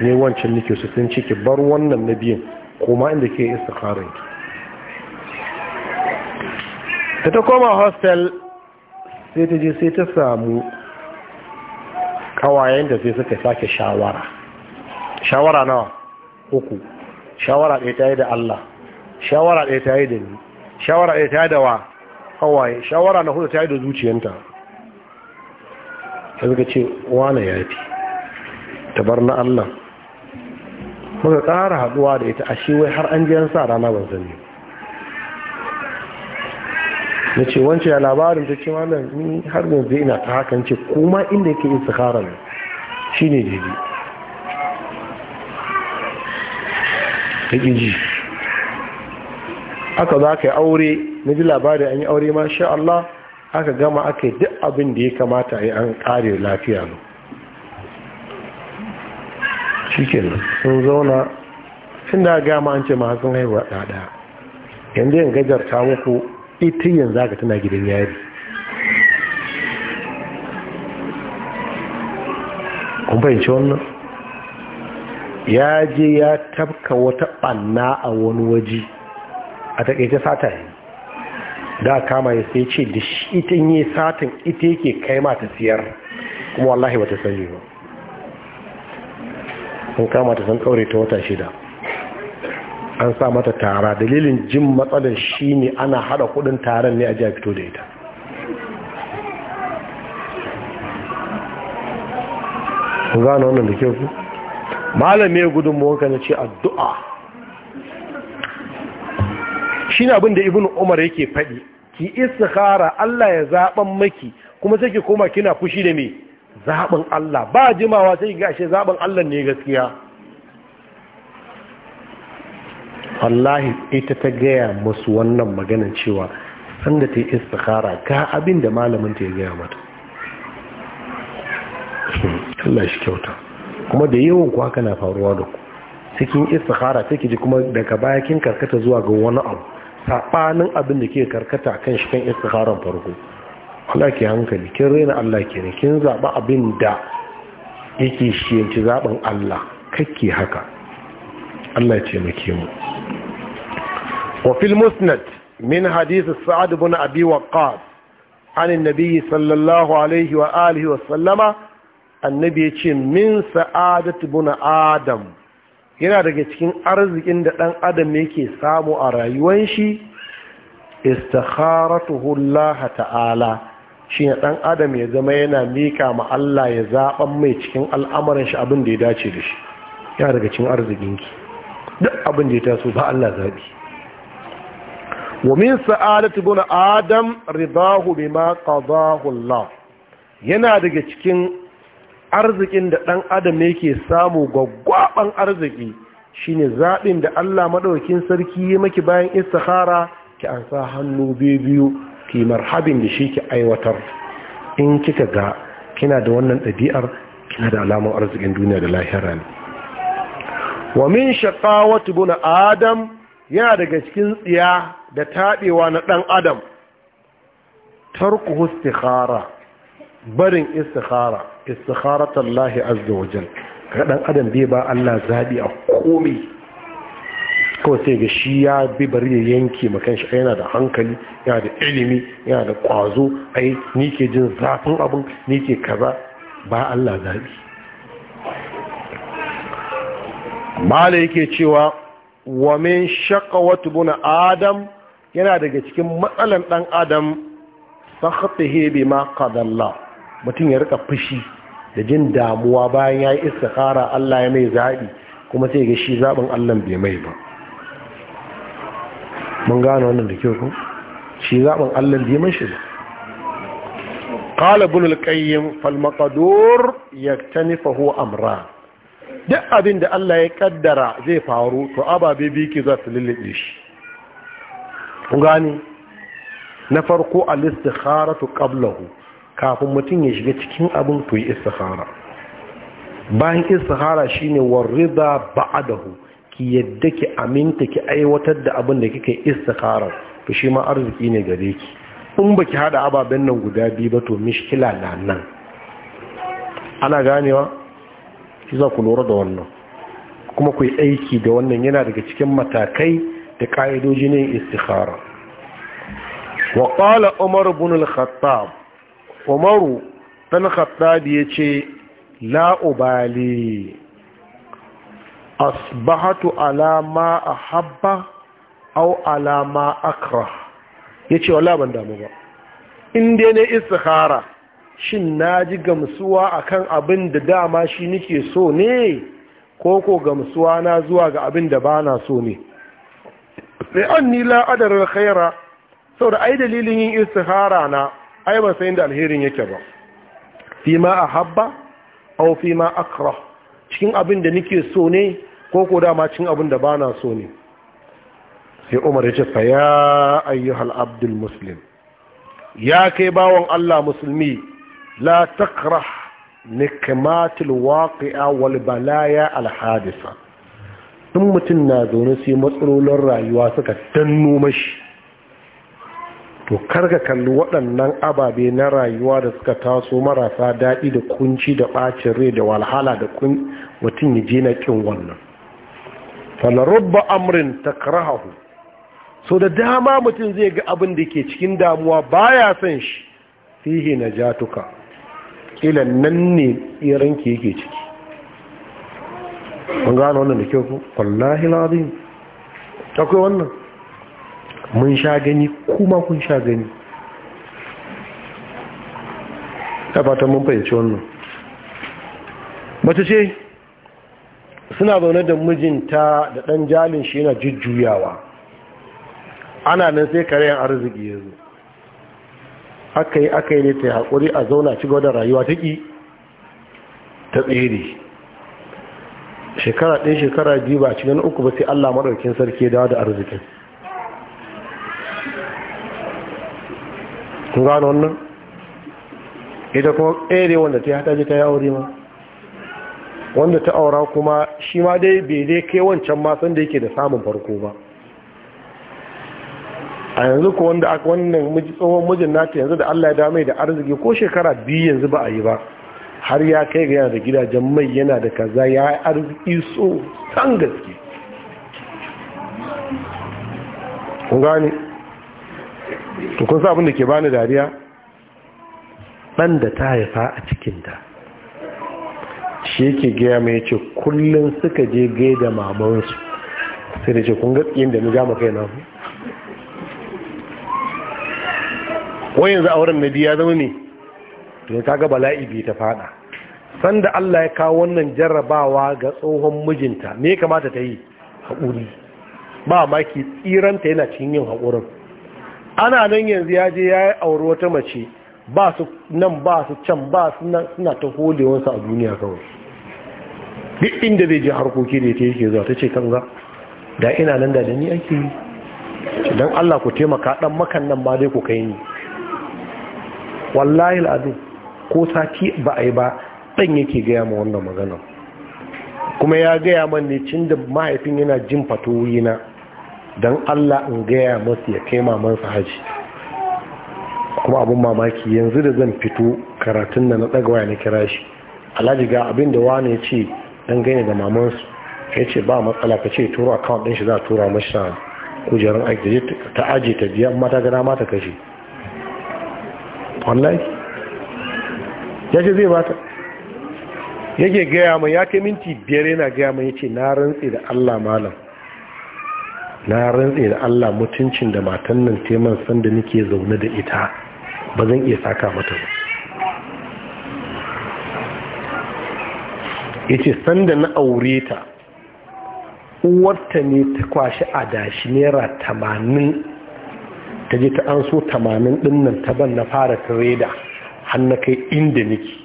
ne wancan nike su sun ciki bar wannan na biyan, koma inda ke kara sai ta koma hostel sai ta je sai ta samu kawayen da sai suka sake shawara shawara nawa uku shawara ɗaya ta yi da Allah shawara ɗaya ta yi da ni shawara ɗaya ta yi da wa kawaye shawara na hudu ta yi da zuciyanta ta zuka ce wane ya fi tabar na Allah muka ƙara haɗuwa da ita a shi wai har an jiyan sa rana ban sani na ce wancan ya labarin ta ce malam ni har yanzu ina ta hakan ce kuma inda yake hara ne ne daidai ta ƙi ji aka za ka yi aure na ji labarin an yi aure ma sha Allah aka gama aka yi duk abin da ya kamata ya an ƙare lafiya ne shi sun zauna tun da gama an ce ma sun haihuwa ɗaɗa yanzu yin gajarta muku ita eh, yanzu aka tana gidan yari kun fahimci wannan ya je ya tabka wata ɓanna a wani waje a takaita sata yi da kama ya sai ce da shi ita yi satin ita yake kai mata siyar kuma wallahi bata sani ba kuma kama ta san kaure ta wata shida an sa mata tara dalilin jin matsalar shi ne ana hada kudin taron ne a jiya fito da ita gano wannan da ke ku malamai gudun mawaka na ce addu'a shi ne abinda ibn umar yake faɗi ki isa istikhara Allah ya zaɓan maki kuma sai ki koma kina fushi da me zaɓin Allah ba jimawa sai ki gashe ashe zaɓin Allah ne gaskiya wallahi ita ta gaya musu wannan maganan cewa sanda ta yi istikhara ga abin da malamin ta ya gaya mata Allah shi kyauta kuma da yawan kuwa kana na faruwa da ku cikin istikhara take ji kuma daga baya kin karkata zuwa ga wani abu sabanin abin da ke karkata kan shi kan istikharan farko Allah ke hankali kin raina Allah ke ne kin zaba abin da yake shi yanci zaben Allah kake haka Allah ya ce mu وفي المسند من حديث سعد بن أبي وقاص عن النبي صلى الله عليه وآله وسلم annabi ya ce min sa'adatu buna adam yana daga cikin arzikin da ɗan adam yake samu a rayuwan shi istakharatuhu Allah ta'ala shine ɗan adam ya zama yana mika ma Allah ya zaɓan mai cikin al'amarin shi abin da ya dace da shi yana daga cikin arzikin duk abin da ya taso ba Allah zaɓi wa min sa'adatu bin adam ridahu bima qadahu Allah yana daga cikin arzikin da ɗan adam yake samu gwaggwaban arziki shine zaɓin da Allah maɗaukin sarki ya maki bayan istikhara ki an sa hannu biyu biyu ki marhabin da shi ki aiwatar in kika ga kina da wannan ɗabi'ar kina da alamun arzikin duniya da lahira ne wa min shaqawati bun adam yana daga cikin tsiya da taɓewa na ɗan adam tarku istikhara barin istikhara istikhara tallahi azza wa jal ka ɗan adam bai ba Allah zaɓi a komi kawai sai ga shi ya bi bari da yanke makan shi yana da hankali yana da ilimi yana da ƙwazo ai ni ke jin zafin abun ni ke kaza ba Allah zaɓi mala yake cewa wa min shaqawat bun adam yana daga cikin matsalan ɗan adam sakhatihi bima qadalla mutum ya rika fushi da jin damuwa bayan yayi istikhara Allah ya mai zabi kuma sai ga shi zabin Allah bai mai ba mun gano wannan da kyau ko shi zabin Allah bai mai shi ba qala ibn qayyim fal maqdur yaktanifu amra duk abin da Allah ya kaddara zai faru to ababe biki za su lullube shi kun gane na farko al-istikharatu qablahu kafin mutum ya shiga cikin abin to yi istikhara bayan istikhara shine warida ba'dahu ki yadda ki aminta ki aiwatar da abin da kike istikhara to shi ma arziki ne gare ki in baki hada ababen nan guda biyu ba to mishkila na nan ana ganewa ki za ku lura da wannan kuma ku yi aiki da wannan yana daga cikin matakai da ƙa'idoji ne istikhara wa ƙala umar bin al-khattab umaru ɗan khattab ya ce la'ubali asbahatu alama a habba au alama akra ya ce wala ban damu ba inda ne istikhara shin na ji gamsuwa akan abin da dama shi nike so ne ko ko gamsuwa na zuwa ga abin da ba na so ne mai an nila adarar khaira sau da ai dalilin yin istihara na ai ba sai inda alherin yake ba fi ma a habba au fi ma akra cikin abin da nike so ne ko ko dama cikin abin da bana so ne sai umar ya ce fa ya ayyuhal abdul muslim ya kai bawon Allah musulmi la takrah nikmatil waqi'a wal balaya al hadisa in mutum na zaune sai matsalolin rayuwa suka danno shi, to karga kalli waɗannan ababe na rayuwa da suka taso marasa daɗi da kunci da ɓacin rai da walhala da kun mutum ya je na ƙin wannan falarubba amrin ta karahahu so da dama mutum zai ga abin da ke cikin damuwa baya son shi fihe na jatuka ilan nan ne iranki yake ciki kun gano wannan da kyau ku wallahi lazim akwai wannan mun sha gani kuma kun sha gani ta fata mun fahimci wannan mace ce suna zaune da mijinta da ɗan jalin shi yana jujjuyawa ana nan sai kare karayen arziki ya zo aka yi aka yi ne ta haƙuri a zauna ci gaba da rayuwa ta ƙi ta tsere shekara ɗaya shekara biyu ba cikin uku ba sai allah maɗaukin sarki ya dawa da arzikin kun gano wannan ita kuma ƙere wanda ta yi hataji ta yi aure ma wanda ta aura kuma shi ma dai bai dai kai wancan masan da yake da samun farko ba a yanzu ko wanda aka wannan tsohon mijin nata yanzu da allah ya damai da arziki ko shekara biyu yanzu ba a yi ba har ya kai ga yana da gidajen mai yana da kaza ya arziki so san gaske kun gane kun sa abinda ke bani dariya ɗan da ta haifa a cikinta shi yake gaya mai ce kullum suka je gai da mamansu sai da ce kun gatsiyin da ni gama kai na ku wayan za a wurin na biya zama ne to kaga bala'i bai ta fada sanda Allah ya kawo wannan jarrabawa ga tsohon mijinta me ya kamata ta yi haƙuri ba ki tsiranta yana cikin yin haƙurin ana nan yanzu ya je ya yi auri wata mace ba su nan ba su can ba su nan suna ta holewarsa a duniya kawai duk inda zai je harkoki da ta yake zuwa ta ce za da ina nan da ni ake yi don Allah ku taimaka dan makan nan ma dai ku kai ni wallahi al'adu ko sati ba a yi ba ɗan yake gaya ma wannan maganan kuma ya gaya man ne cin da mahaifin yana jin fato na don allah in gaya masu ya kai mamansa haji kuma abin mamaki yanzu da zan fito karatun da na ɗagawa na kira shi alhaji ga abin da wani ya ce don gani da mamansu ya ce ba matsala ka ce turo akawun ɗin shi za a tura mashi na kujerar aiki ta aji ta biya mata gana mata kashe wallahi ya zai bata yake gaya mai ya kai minti biyar yana gaya mai ya ce na rantse da allah malam na rantse da allah mutuncin da matan nan teman sanda nake zaune da ita ba zan iya saka mata ba ya ce sanda na aure ta uwarta ne ta kwashi adashi naira tamanin ta je ta an so tamanin dinnan ta ban na fara tireda hannu kai inda nake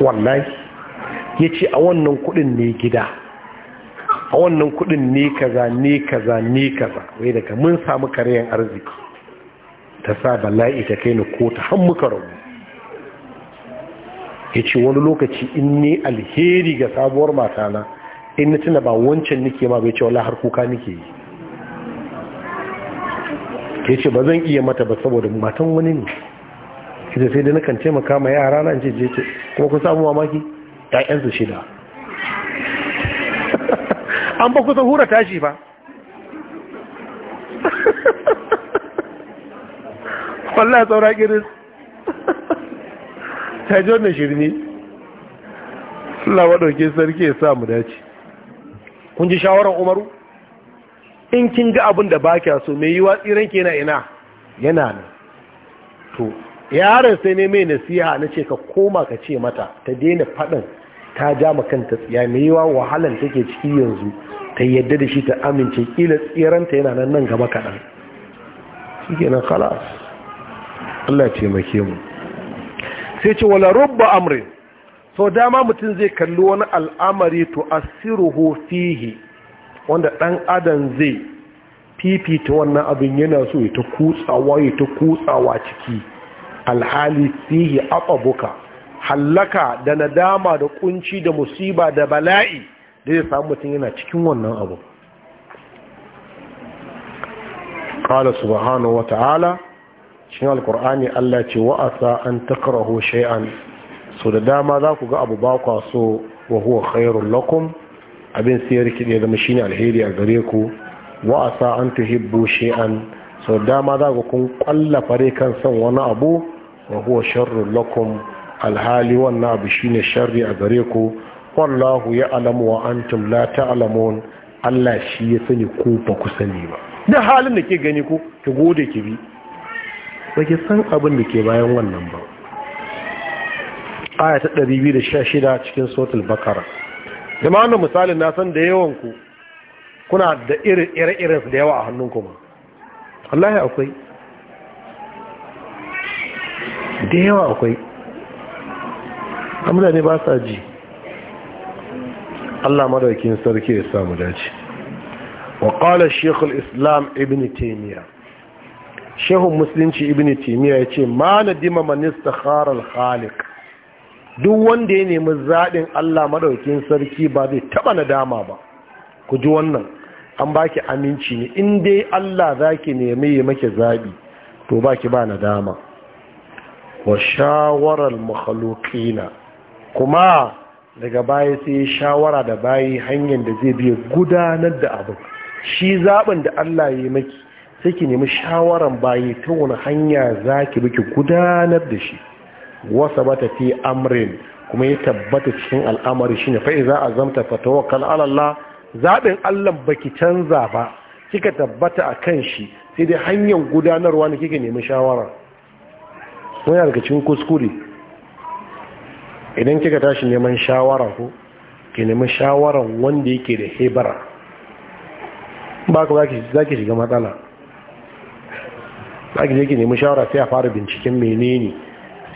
wallahi ya ce a wannan kudin ne gida a wannan kudin ne kaza ne kaza ne kaza wai daga mun samu karyan arziki ta sa bala'i ta kai ni kota har muka rabu ya ce wani lokaci in ne alheri ga sabuwar matana in na tuna ba wancan nike ma bai ce wala har kuka nike yi ta ce ba zan iya mata ba saboda matan wani ne ita sai da na ce taimaka ma yara na ce ce kuma kun samu mamaki ƴaƴansu shida an ba kusa hura tashi ba wallah saura kiris ta ji wannan shirni Allah waɗauke sarki ya sa mu dace kun ji shawarar umaru in kin ga abin da ba so mai yi tsiran ke na ina yana nan to yaren sai ne mai nasiha na ce ka koma ka ce mata ta daina faɗin ta ja kanta tsiya mai wa wahalan take ciki yanzu ta yadda da shi ta amince kila tsiranta yana nan nan gaba kaɗan shi nan kalas Allah taimake mu sai ce wala rubba amurin sau dama mutum zai kalli wani al'amari to asiruhu fihi wanda ɗan adam zai fifita wannan abin yana so ya ta kutsawa ya ta kutsawa ciki alhali fihi atsabuka hallaka da nadama da kunci da musiba da bala'i da ya samu mutum yana cikin wannan abu qala subhanahu wa ta'ala cikin alkur'ani Allah ce wa'asa an takrahu shay'an so da dama za ku ga abu ba kwaso wa huwa khairun lakum abin sai rikide ya zama shine alheri a gare ku wa asa an tuhibbu shay'an so dama za ku kun kwalla fare kan son wani abu wa huwa sharru lakum alhali wannan abu shine sharri a gare ku wallahu ya'lamu wa antum la ta'lamun Allah shi ya sani ku ba ku sani ba da halin da ke gani ku ki gode ki bi ba ki san abin da ke bayan wannan ba aya ta 216 cikin suratul bakara zama wannan misalin na san da yawan ku kuna da ire-iren su da yawa a hannun kuma Allah ya akwai da yawa akwai amina ne ba sa ji Allah madaukin sarki ya samu dace wa qala shekul islam ibn taymiya shehun musulunci ibn taymiya ce ma na dima manista Harar khalik duk wanda ya nemi zaɗin Allah maɗaukin sarki ba zai taɓa nadama ba ku ji wannan an baki aminci ne in dai Allah za ki nemi ya maki zaɓi to baki ba nadama wa shawarar makhalukina kuma daga baya sai shawara da bayi hanyar da zai biya gudanar da abin shi zaɓin da Allah ya maki sai ki nemi shawarar bayi ta wani hanya za ki biki gudanar da shi wasa bata fi amrin kuma ya tabbata cikin al'amari shi shine fa iza azamta fatawakkal ala Allah zaɓin Allah baki canza ba kika tabbata a kan shi sai dai hanyar gudanarwa ne kika nemi shawara wani daga cikin kuskure idan kika tashi neman shawara ko ki nemi shawara wanda yake da hebara ba ka za ki shiga matsala za ki je ki nemi shawara sai a fara binciken menene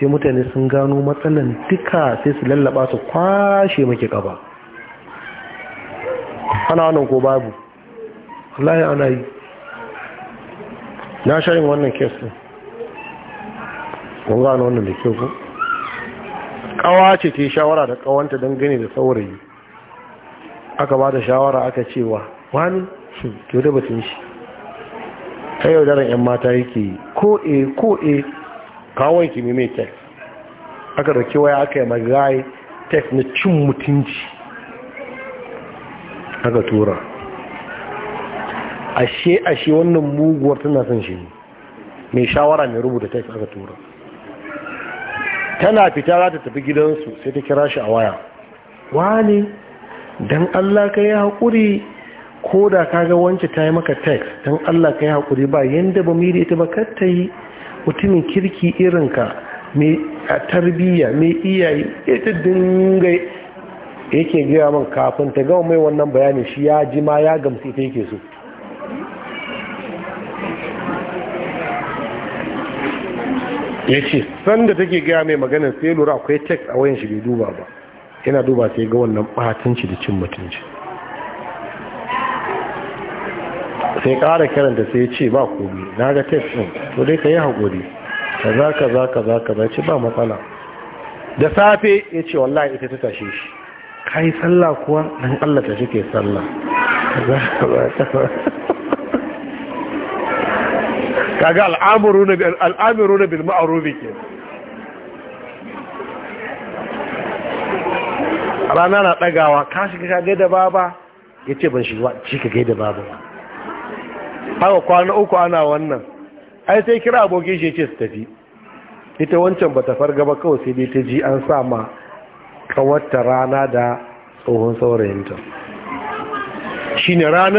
sai mutane sun gano matsalan duka sai su lallaba su kwashe maki kaba ana wannan ko babu wallahi ana yi na shayin wannan kesu kun gano wannan da kyau ko kawa ce ta shawara da kawanta don gani da saurayi aka ba da shawara aka cewa wani to da batun shi ta yau daren 'yan mata yake ko e ko e kawai ki mai tek aka da kewaye aka yi magayi tek na cin mutunci aka tura ashe ashe wannan muguwar tana son shi mai shawara mai rubuta tek aka tura tana fita za ta tafi gidansu sai ta kira shi a waya wani don allah ka yi haƙuri ko da kaga wance ta yi maka tek don allah ka yi haƙuri ba yadda ba miri ita ba kar ta yi mutumin kirki irinka mai tarbiyya mai iyaye ita dinga yake gaya min kafin ta gama mai wannan bayanin shi ya ji ma ya gamsu ita yake so ya ce sanda take gaya mai maganin sai lura akwai tek a wayan shi bai duba ba yana duba sai ga wannan batanci da cin mutunci sai ƙara karanta sai ce ba komi na ga tef ɗin to dai ka yi haƙuri da za ka za ka za ka za ce ba matsala da safe ya ce wallahi ita ta tashe shi ka yi sallah kuwa don allah ta ke sallah kaga al'amuru na al'amuru na bil ma'rufi ke rana na ɗagawa ka shiga gaida baba yace ban shiga shi ka gaida baba haka kwana uku ana wannan ai sai kira abokin shi ce su tafi ita wancan ba ta farga ba kawai sai dai ta ji an sa ma ta rana da tsohon saurayinta shi ne ranar